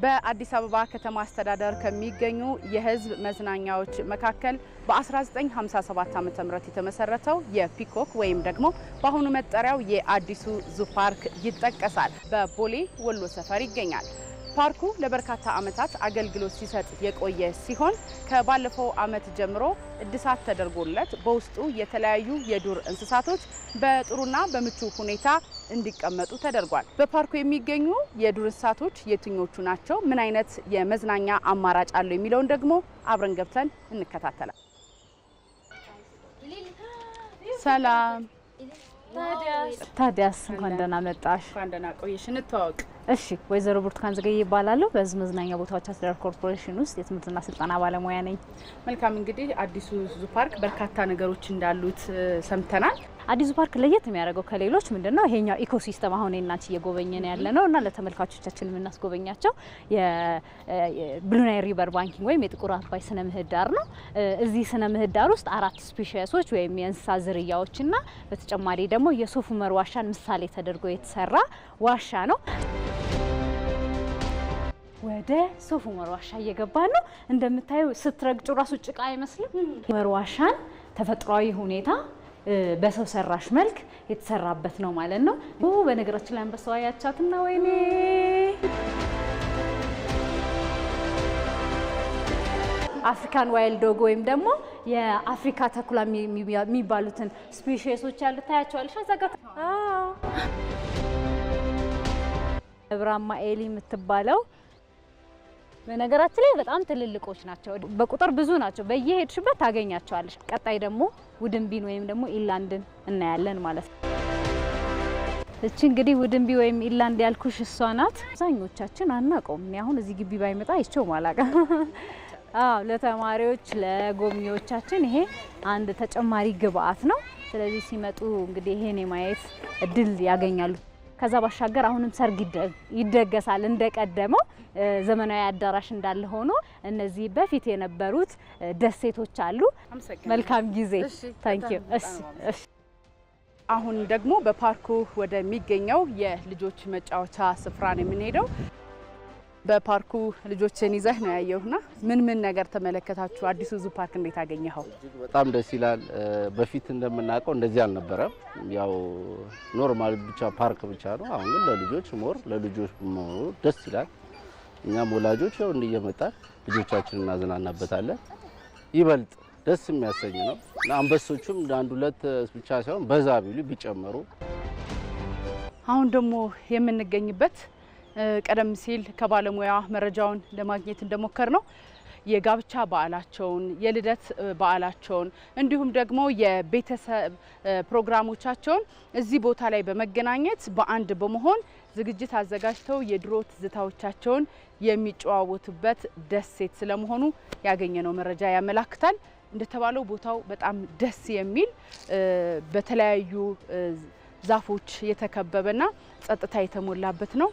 በአዲስ አበባ ከተማ አስተዳደር ከሚገኙ የሕዝብ መዝናኛዎች መካከል በ1957 ዓ ም የተመሰረተው የፒኮክ ወይም ደግሞ በአሁኑ መጠሪያው የአዲሱ ዙ ፓርክ ይጠቀሳል። በቦሌ ወሎ ሰፈር ይገኛል። ፓርኩ ለበርካታ ዓመታት አገልግሎት ሲሰጥ የቆየ ሲሆን ከባለፈው ዓመት ጀምሮ እድሳት ተደርጎለት በውስጡ የተለያዩ የዱር እንስሳቶች በጥሩና በምቹ ሁኔታ እንዲቀመጡ ተደርጓል። በፓርኩ የሚገኙ የዱር እንስሳቶች የትኞቹ ናቸው፣ ምን አይነት የመዝናኛ አማራጭ አለው የሚለውን ደግሞ አብረን ገብተን እንከታተላል። ሰላም ታዲያስ፣ እንኳን ደህና መጣሽ። እንኳን ደህና ቆየሽ። እንተዋወቅ እሺ ወይዘሮ ብርቱካን ዘገየ ይባላለሁ። በዚህ መዝናኛ ቦታዎች አስተዳደር ኮርፖሬሽን ውስጥ የትምህርትና ስልጠና ባለሙያ ነኝ። መልካም እንግዲህ አዲሱ ዙ ፓርክ በርካታ ነገሮች እንዳሉት ሰምተናል። አዲሱ ፓርክ ለየት የሚያደርገው ከሌሎች ምንድን ነው? ይሄኛው ኢኮሲስተም አሁን እየጎበኘ እየጎበኘን ያለ ነው እና ለተመልካቾቻችን የምናስጎበኛቸው የብሉናይ ሪቨር ባንኪንግ ወይም የጥቁር አባይ ስነ ምህዳር ነው። እዚህ ስነ ምህዳር ውስጥ አራት ስፔሽሶች ወይም የእንስሳ ዝርያዎችና በተጨማሪ ደግሞ የሶፍ ዑመር ዋሻን ምሳሌ ተደርጎ የተሰራ ዋሻ ነው። ወደ ሶፍ ዑመር ዋሻ እየገባ ነው። እንደምታዩ ስትረግጩ ራሱ ጭቃ አይመስልም። ዑመር ዋሻን ተፈጥሯዊ ሁኔታ በሰው ሰራሽ መልክ የተሰራበት ነው ማለት ነው። በነገራችን ላይ አንበሳዋ አያቻትና ወይኔ አፍሪካን ዋይልድ ዶግ ወይም ደግሞ የአፍሪካ ተኩላ የሚባሉትን ስፒሺሶች ያሉ ታያቸዋለሽ። አዛጋ ብራማ ኤሊ የምትባለው በነገራችን ላይ በጣም ትልልቆች ናቸው። በቁጥር ብዙ ናቸው። በየሄድሽበት ታገኛቸዋለሽ። ቀጣይ ደግሞ ውድንቢን ወይም ደግሞ ኢላንድን እናያለን ማለት ነው። እቺ እንግዲህ ውድንቢ ወይም ኢላንድ ያልኩሽ እሷ ናት። አብዛኞቻችን አናውቀውም። እኔ አሁን እዚህ ግቢ ባይመጣ አይቼው አላውቅም። አዎ ለተማሪዎች ለጎብኚዎቻችን ይሄ አንድ ተጨማሪ ግብአት ነው። ስለዚህ ሲመጡ እንግዲህ ይሄን የማየት እድል ያገኛሉ። ከዛ ባሻገር አሁንም ሰርግ ይደገሳል እንደቀደመው ዘመናዊ አዳራሽ እንዳለ ሆኖ እነዚህ በፊት የነበሩት ደሴቶች አሉ። መልካም ጊዜ። እሺ። አሁን ደግሞ በፓርኩ ወደሚገኘው የልጆች መጫወቻ ስፍራ ነው የምንሄደው። በፓርኩ ልጆችን ይዘህ ነው ያየሁና ምን ምን ነገር ተመለከታችሁ? አዲሱ ዙ ፓርክ እንዴት አገኘኸው? በጣም ደስ ይላል። በፊት እንደምናውቀው እንደዚህ አልነበረም። ያው ኖርማል ብቻ ፓርክ ብቻ ነው። አሁን ግን ለልጆች ሞር ለልጆች መሆኑ ደስ ይላል። እኛም ወላጆች ያው እንደየመጣን ልጆቻችን እናዝናናበታለን። ይበልጥ ደስ የሚያሰኝ ነው። አንበሶቹም አንድ ሁለት ብቻ ሳይሆን በዛ ቢሉ ቢጨመሩ አሁን ደግሞ የምንገኝበት ቀደም ሲል ከባለሙያ መረጃውን ለማግኘት እንደሞከር ነው የጋብቻ በዓላቸውን የልደት በዓላቸውን እንዲሁም ደግሞ የቤተሰብ ፕሮግራሞቻቸውን እዚህ ቦታ ላይ በመገናኘት በአንድ በመሆን ዝግጅት አዘጋጅተው የድሮ ትዝታዎቻቸውን የሚጨዋወቱበት ደሴት ስለመሆኑ ያገኘነው መረጃ ያመላክታል። እንደተባለው ቦታው በጣም ደስ የሚል በተለያዩ ዛፎች የተከበበና ጸጥታ የተሞላበት ነው።